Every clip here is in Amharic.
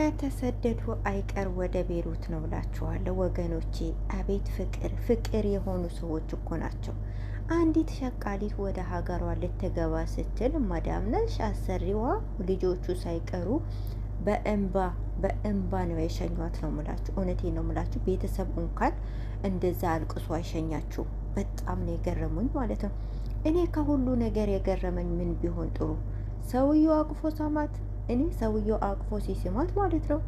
ከተሰደዱ አይቀር ወደ ቤሩት ነው እላችኋለሁ ወገኖቼ። አቤት ፍቅር ፍቅር የሆኑ ሰዎች እኮ ናቸው። አንዲት ሸቃሊት ወደ ሀገሯ ልትገባ ስትል ማዳም ነሽ አሰሪዋ ልጆቹ ሳይቀሩ በእንባ በእንባ ነው የሸኟት ነው ምላችሁ። እውነቴ ነው ምላችሁ። ቤተሰብ እንኳን እንደዛ አልቅሶ አይሸኛችሁ። በጣም ነው የገረሙኝ ማለት ነው። እኔ ከሁሉ ነገር የገረመኝ ምን ቢሆን ጥሩ ሰውየው አቅፎ ሳማት እኔ ሰውየው አቅፎ ሲስማት ማለት ነው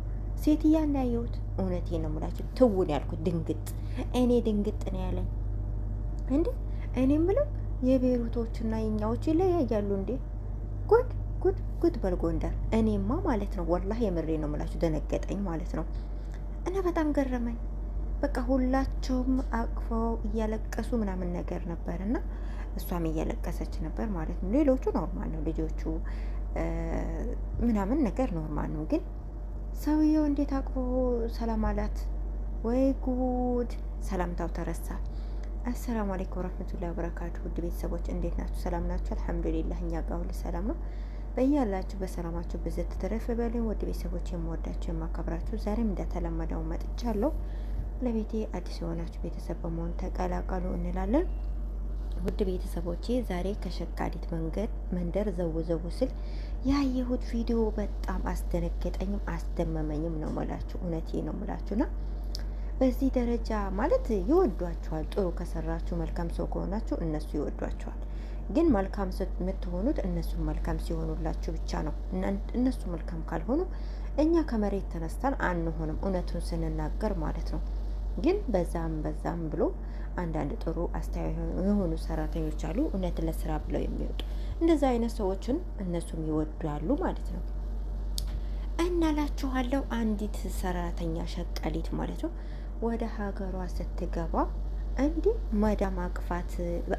ሴትዮዋን ያየሁት። እውነቴን ነው የምላችሁ፣ ትውን ያልኩት ድንግጥ፣ እኔ ድንግጥ ነው ያለኝ እንዴ። እኔ የምለው የቤሩቶችና የኛዎች ይለያያሉ እንዴ? ጉድ ጉድ ጉድ በል ጎንደር። እኔማ ማለት ነው ወላሂ የምሬ ነው የምላችሁ ደነገጠኝ ማለት ነው እና በጣም ገረመኝ። በቃ ሁላቸውም አቅፈው እያለቀሱ ምናምን ነገር ነበር እና እሷም እያለቀሰች ነበር ማለት ነው። ሌሎቹ ኖርማል ነው ልጆቹ ምናምን ነገር ኖርማል ነው። ግን ሰውየው እንዴት አቅፎ ሰላም አላት? ወይ ጉድ! ሰላምታው ተረሳ። አሰላሙ አለይኩም ወረህመቱላሂ ወበረካቱ። ውድ ቤተሰቦች እንዴት ናችሁ? ሰላም ናችሁ? አልሐምዱሊላህ እኛ ጋር ሁሉ ሰላም ነው። በያላችሁ በሰላማችሁ ብዘት ተረፈ በሉኝ። ውድ ቤተሰቦች የምወዳችሁ የማከብራችሁ፣ ዛሬም እንደተለመደው መጥቻለሁ። ለቤቴ አዲስ የሆናችሁ ቤተሰብ በመሆን ተቀላቀሉ እንላለን። ውድ ቤተሰቦቼ ዛሬ ከሸካሊት መንገድ መንደር ዘው ዘው ስል ያየሁት ቪዲዮ በጣም አስደነገጠኝም አስደመመኝም ነው ምላችሁ። እውነቴ ነው ምላችሁና በዚህ ደረጃ ማለት ይወዷችኋል። ጥሩ ከሰራችሁ መልካም ሰው ከሆናችሁ እነሱ ይወዷችኋል። ግን መልካም የምትሆኑት እነሱ መልካም ሲሆኑላችሁ ብቻ ነው። እነሱ መልካም ካልሆኑ እኛ ከመሬት ተነስተን አንሆንም፣ እውነቱን ስንናገር ማለት ነው። ግን በዛም በዛም ብሎ አንዳንድ ጥሩ አስተያየት የሆኑ ሰራተኞች አሉ፣ እውነት ለስራ ብለው የሚወጡ እንደዛ አይነት ሰዎችን እነሱም ይወዳሉ ማለት ነው። እናላችኋለሁ አንዲት ሰራተኛ ሸቀሊት ማለት ነው ወደ ሀገሯ ስትገባ እንዲህ መዳም አቅፋት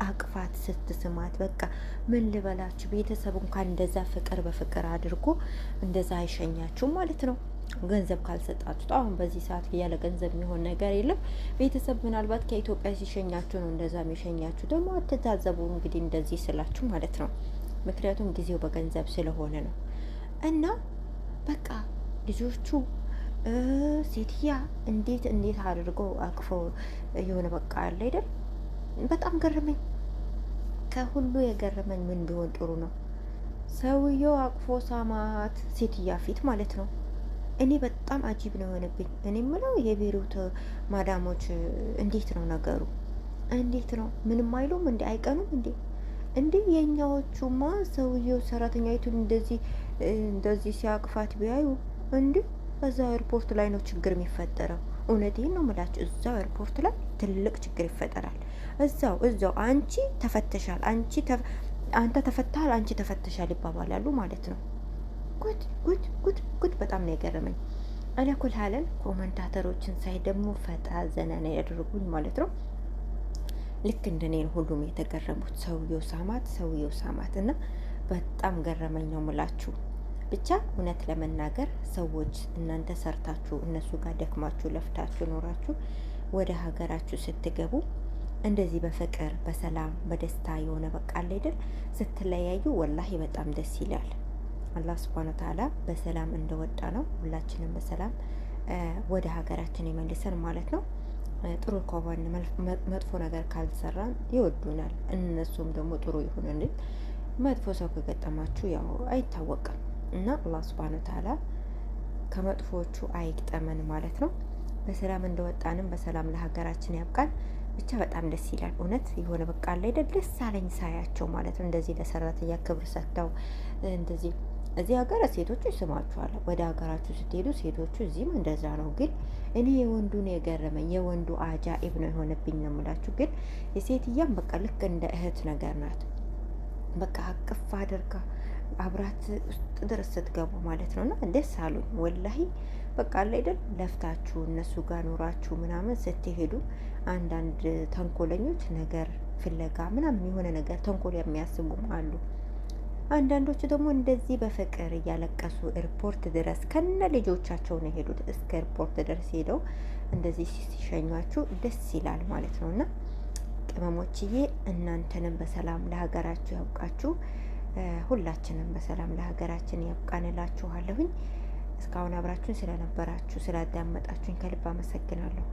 አቅፋት ስትስማት በቃ ምን ልበላችሁ ቤተሰብ እንኳን እንደዛ ፍቅር በፍቅር አድርጎ እንደዛ አይሸኛችሁም ማለት ነው። ገንዘብ ካልሰጣችሁት አሁን በዚህ ሰዓት ያለ ገንዘብ የሚሆን ነገር የለም። ቤተሰብ ምናልባት ከኢትዮጵያ ሲሸኛችሁ ነው እንደዛ የሚሸኛችሁ ደግሞ አትታዘቡ። እንግዲህ እንደዚህ ስላችሁ ማለት ነው። ምክንያቱም ጊዜው በገንዘብ ስለሆነ ነው። እና በቃ ልጆቹ ሴትያ እንዴት እንዴት አድርገው አቅፎ የሆነ በቃ አለ አይደል? በጣም ገረመኝ። ከሁሉ የገረመኝ ምን ቢሆን ጥሩ ነው ሰውየው አቅፎ ሳማት ሴትያ ፊት ማለት ነው። እኔ በጣም አጂብ ነው የሆነብኝ። እኔ ምለው የቤሩት ማዳሞች እንዴት ነው ነገሩ? እንዴት ነው ምንም አይሉም እንዴ? አይቀኑም እንዴ? እንዴ የእኛዎቹማ ሰውየው ሰራተኛይቱን እንደዚህ እንደዚህ ሲያቅፋት ቢያዩ እንዴ እዛው ኤርፖርት ላይ ነው ችግር የሚፈጠረው። እውነቴን ነው ምላች እዛው ኤርፖርት ላይ ትልቅ ችግር ይፈጠራል። እዛው እዛው አንቺ ተፈተሻል፣ አንቺ አንተ ተፈታል፣ አንቺ ተፈተሻል ይባባላሉ ማለት ነው። ጉድ ጉድ ጉድ ጉድ! በጣም ነው የገረመኝ። ኩል ሀለን ኮመንታተሮችን ሳይ ደግሞ ፈጣ ዘና ነው ያደረጉኝ ማለት ነው። ልክ እንደኔን ሁሉም የተገረሙት ሰውየው ሳማት፣ ሰውየው ሳማት እና በጣም ገረመኝ ነው ምላችሁ። ብቻ እውነት ለመናገር ሰዎች እናንተ ሰርታችሁ እነሱ ጋር ደክማችሁ ለፍታችሁ ኖራችሁ ወደ ሀገራችሁ ስትገቡ እንደዚህ በፍቅር በሰላም በደስታ የሆነ በቃ አለ አይደል ስትለያዩ፣ ወላሂ በጣም ደስ ይላል። አላህ ስብሃነ ወተዓላ በሰላም እንደወጣ ነው። ሁላችንም በሰላም ወደ ሀገራችን ይመልሰን ማለት ነው። ጥሩ ከሆን መጥፎ ነገር ካልሰራን ይወዱናል፣ እነሱም ደግሞ ጥሩ ይሁንልን። መጥፎ ሰው ከገጠማችሁ ያው አይታወቅም እና አላህ ስብሃነ ወተዓላ ከመጥፎቹ አይግጠመን ማለት ነው። በሰላም እንደወጣንም በሰላም ለሀገራችን ያብቃል ብቻ በጣም ደስ ይላል። እውነት የሆነ በቃ ላይ ደስ አለኝ ሳያቸው ማለት ነው። እንደዚህ ለሰራተኛ ክብር ሰጥተው እንደዚህ እዚህ ሀገር ሴቶቹ ይስማችኋል። ወደ ሀገራችሁ ስትሄዱ ሴቶቹ እዚህም እንደዛ ነው። ግን እኔ የወንዱን የገረመኝ የወንዱ አጃኢብ ነው የሆነብኝ ነው የምላችሁ። ግን የሴትያም በቃ ልክ እንደ እህት ነገር ናት። በቃ አቅፍ አድርጋ አብራት ውስጥ ድረስ ስትገቡ ማለት ነው። እና ደስ አሉኝ ወላሂ በቃ አለ አይደል ለፍታችሁ እነሱ ጋር ኑራችሁ ምናምን ስትሄዱ አንዳንድ ተንኮለኞች ነገር ፍለጋ ምናምን የሆነ ነገር ተንኮል የሚያስቡም አሉ። አንዳንዶቹ ደግሞ እንደዚህ በፍቅር እያለቀሱ ኤርፖርት ድረስ ከነ ልጆቻቸው ነው የሄዱት። እስከ ኤርፖርት ድረስ ሄደው እንደዚህ ሲሸኟችሁ ደስ ይላል ማለት ነው። እና ቅመሞችዬ እናንተንም በሰላም ለሀገራችሁ ያብቃችሁ። ሁላችንም በሰላም ለሀገራችን ያብቃን እስካሁን አብራችሁን ስለነበራችሁ ስላዳመጣችሁኝ ከልብ አመሰግናለሁ።